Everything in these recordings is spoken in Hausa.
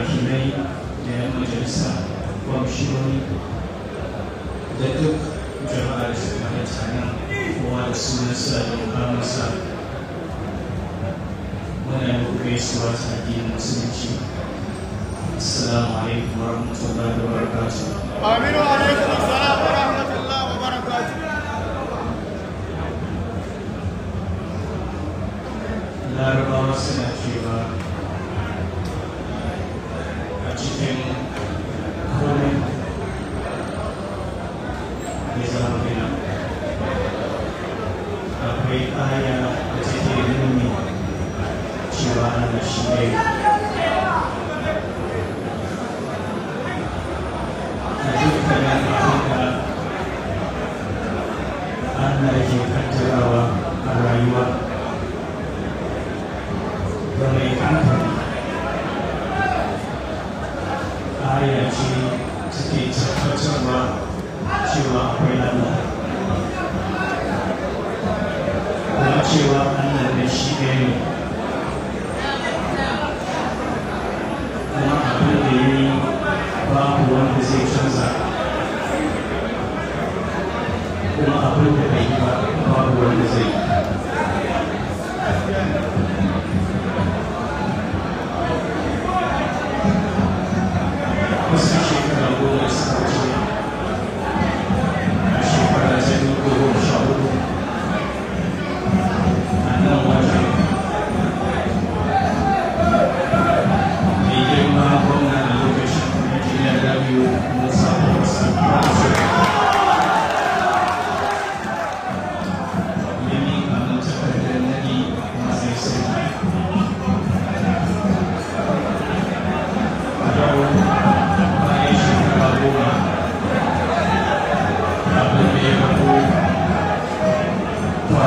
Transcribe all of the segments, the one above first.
عجلي لأجل الساعة وابشرني لدك جمال سمعتنا ورسول السادة الخامسة ونعمل بيسوات الدين المسلمين السلام عليكم ورحمة الله وبركاته آمين وعليكم السلام ورحمة الله وبركاته لا ربما سنة tivemos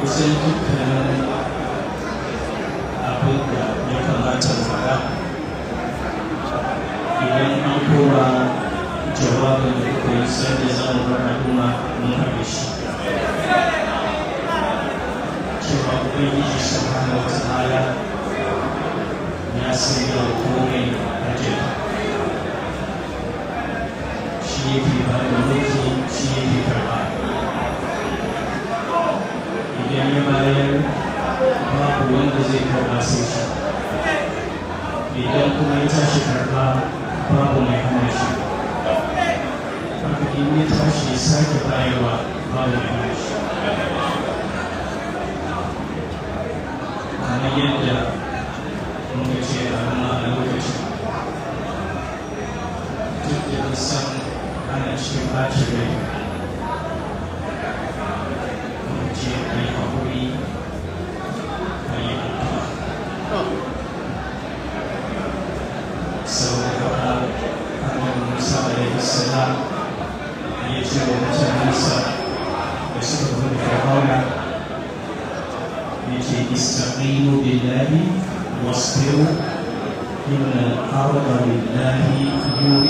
kusan dukkanin abin da ya kamata faɗa idan an koma jawabin da kuka yi sanda za mu bar al'umma mun haɗe shi cewa ubangiji subhanahu wa ta'ala ya sanya wa komai ajiyar shi yake ba da mulki shi yake karɓa idan ya bayar babu wanda zai karɓa sai shi idan kuma ya tashi karɓa babu mai hana shi haka in ya tashi sake bayarwa babu mai hana shi kamar yadda muka ce a rana a lokacin duk da san ana cikin ɓacin rai be valuable. Oh. So uh, quando sabe se dá e se o pensa questo problema di parola dice istaghinu billahi wasbiru in al-arda billahi yuri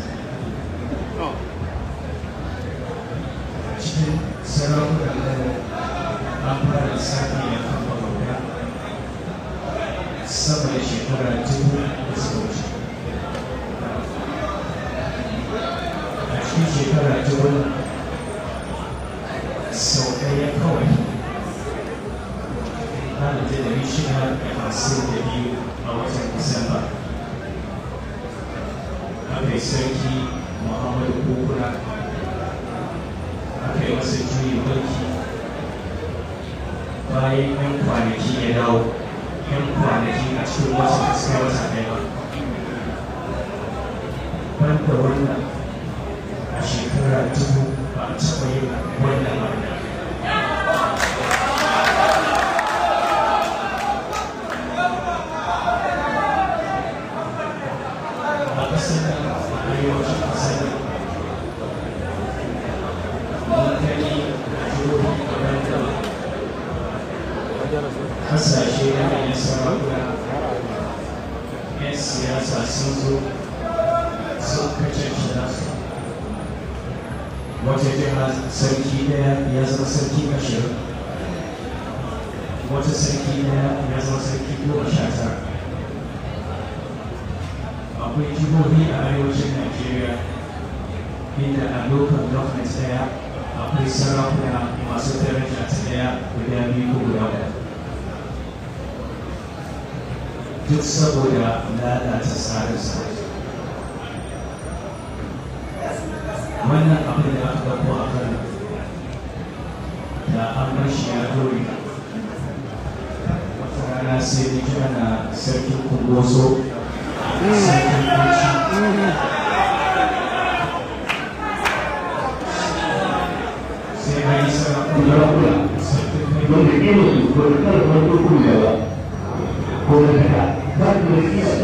sama da shekara dubu da suka wuce a cikin shekara dubu sau ɗaya kawai na da dari shida da hamsin da biyu a watan disamba aka yi sarki muhammadu kukuna aka yi masa juyin mulki bayan yan kwanaki ya dawo shi wasu kasarsa da yawa shekara dubu ba a taɓa wannan sun zo sun wata jiha sarki daya ya zama sarki ashirin akwai jihohi a arewacin najeriya inda a local government daya akwai sarakuna masu daraja ta daya guda biyu guda duk saboda lalata tsare-tsare wannan abin da aka gabo a kan da an bar shi ya dore wata rana sai ni kira na sarkin kungoso sarkin kunci sai na yi sarakun da rakula sarkin kungoso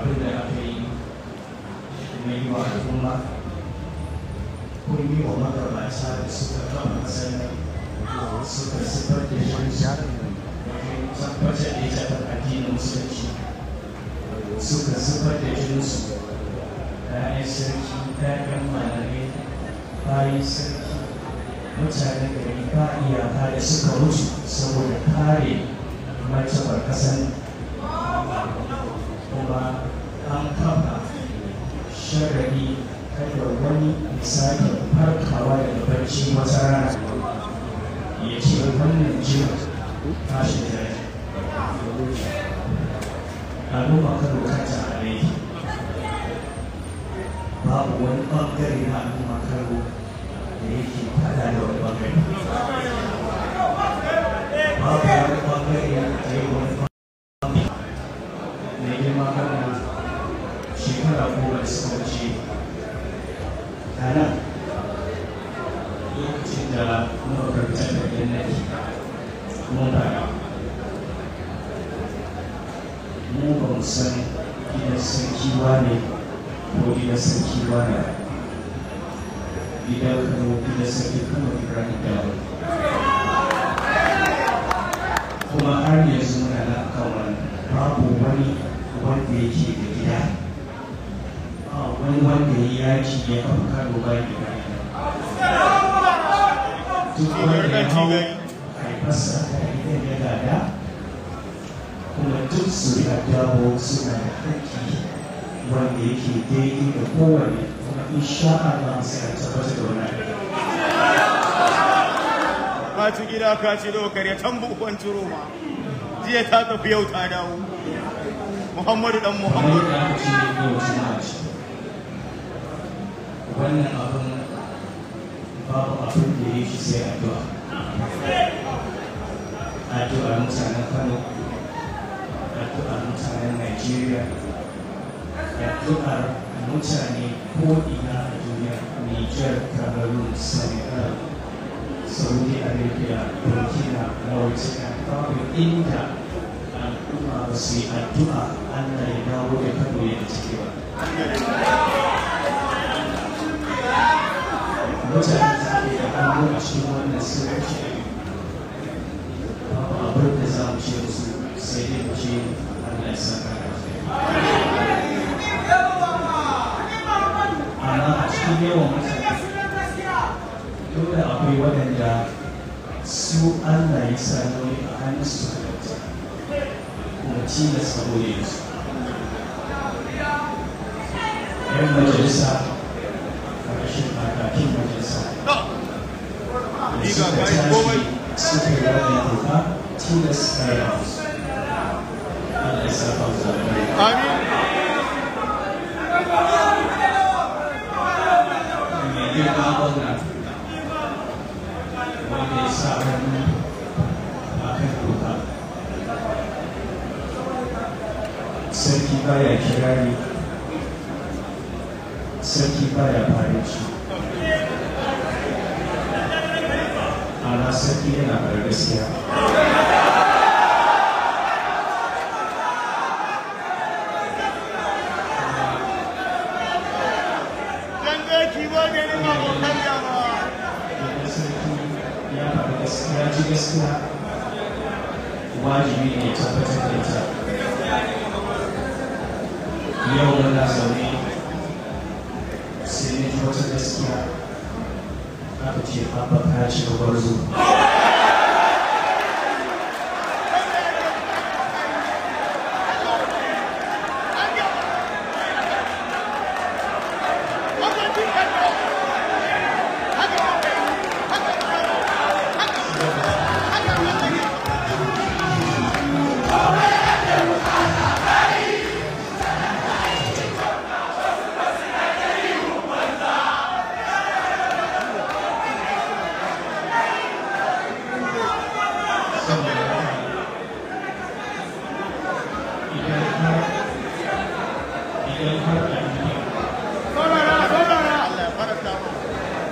abin da aka yi na yi wa al'umma ko yi wa magabata da suka kama kasar suka sifar da shi tabbatar da ita ta addinin musulunci suka sifar da jinsu ɗayan sarki ɗayan malamai bayan sarki mutane gari ba iyaka da suka mutu saboda kare martabar ƙasar kuma an kafa shagari kada wani ya sake farkawa daga barci wata rana ya ce wannan jima tashi da yaji al'umma kan bukata a laifi babu wani ɓangare na al'umma karo da yake fada da wani ɓangare mu ba mu san gidan sarki ne ko gidan sarki ne, gidan kano gidan sarki kano ibrahim dawo kuma har yanzu muna na kawai babu wani wanda yake da gida wani wanda ya yaki ya kafa kano bayan wanda ya kuma duk suna da wanda yake daidai da kowane tabbatar da wani gida ka ci ya can bukwan jiya ta tafi yau ta dawo muhammadu dan muhammadu wannan abin babu abin da ya shi sai addu'a addu'ar mutanen kano addu'ar mutanen nigeria addu'ar mutane ko'ina a duniya niger cameroon senegal saudi arabia burkina mauritania babu inda al'umma ba su yi addu'a allah ya dawo da kano ya ciki ba mutane da a cikin wannan sirri babu abin za mu musu sai dai mu amma a cikin mutane dole akwai waɗanda su Allah ya sa su cewa bayan komai suka yi wani doka tilas na yawa. Allah ya wajibi ne tabbatar da yau muna zaune sai ne wata gaskiya aka ce abba ka ce gwarzo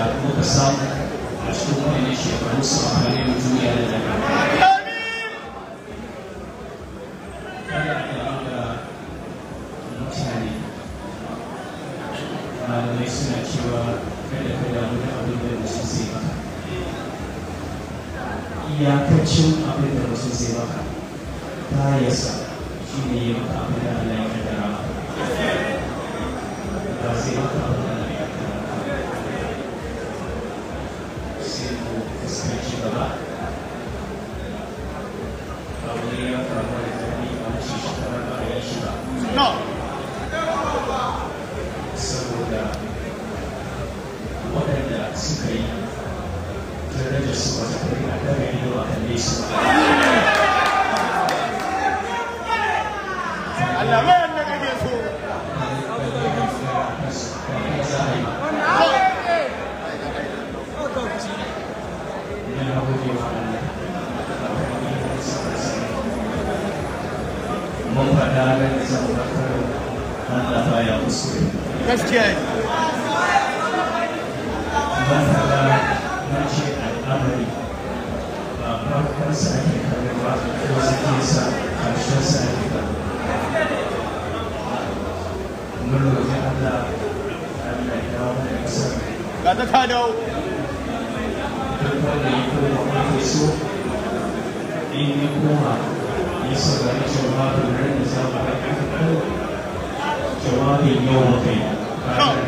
da muka samu a cikin wani shekaru su amfani da da malamai suna cewa kada ka damu da abin da mutum maka maka ta yasa shi ne ya maka Allah ya gaskiya ne ba ta da na ce al'amari ba sa sa mun Allah ta ya koma ke so da za mu yau Duk wanda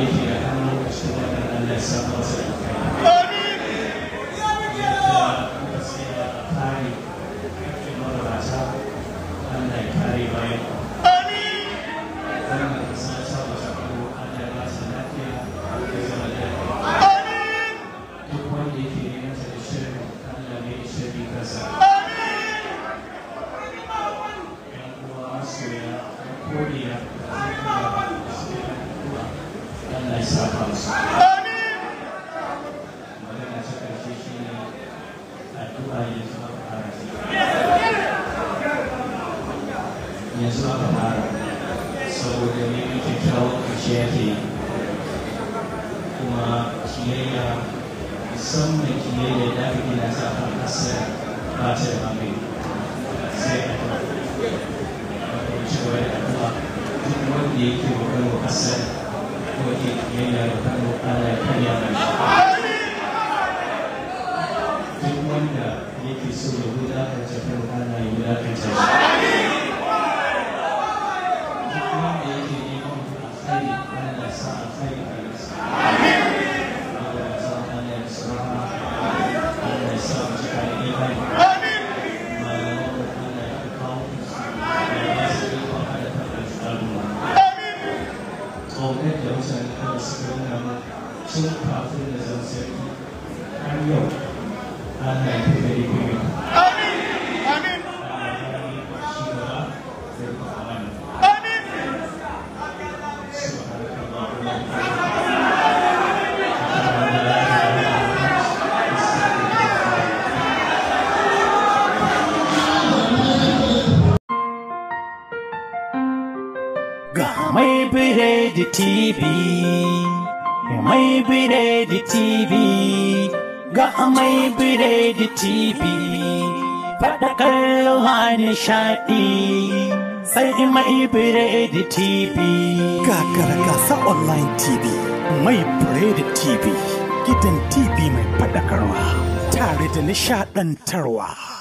yake da hannun kusurwa da kiyayya musamman kiyayya da ake na zafin kasar ba ta da mamaye sai a ta cewa da kuma duk wanda yake wa kano kasar ko ke kiyayya da kano ana karya mai duk wanda yake so ya wulakanta kano ana ya wulakanta shi duk wanda yake neman alkhairi ana sa alkhairi a di TV, mai di TV, ga mai biredi TV, faɗakar ruwa nishaɗi. Sai mai biredi TV. Kakara gasa online TV, mai di TV, gidan TV mai faɗakarwa, tare da nishaɗantarwa.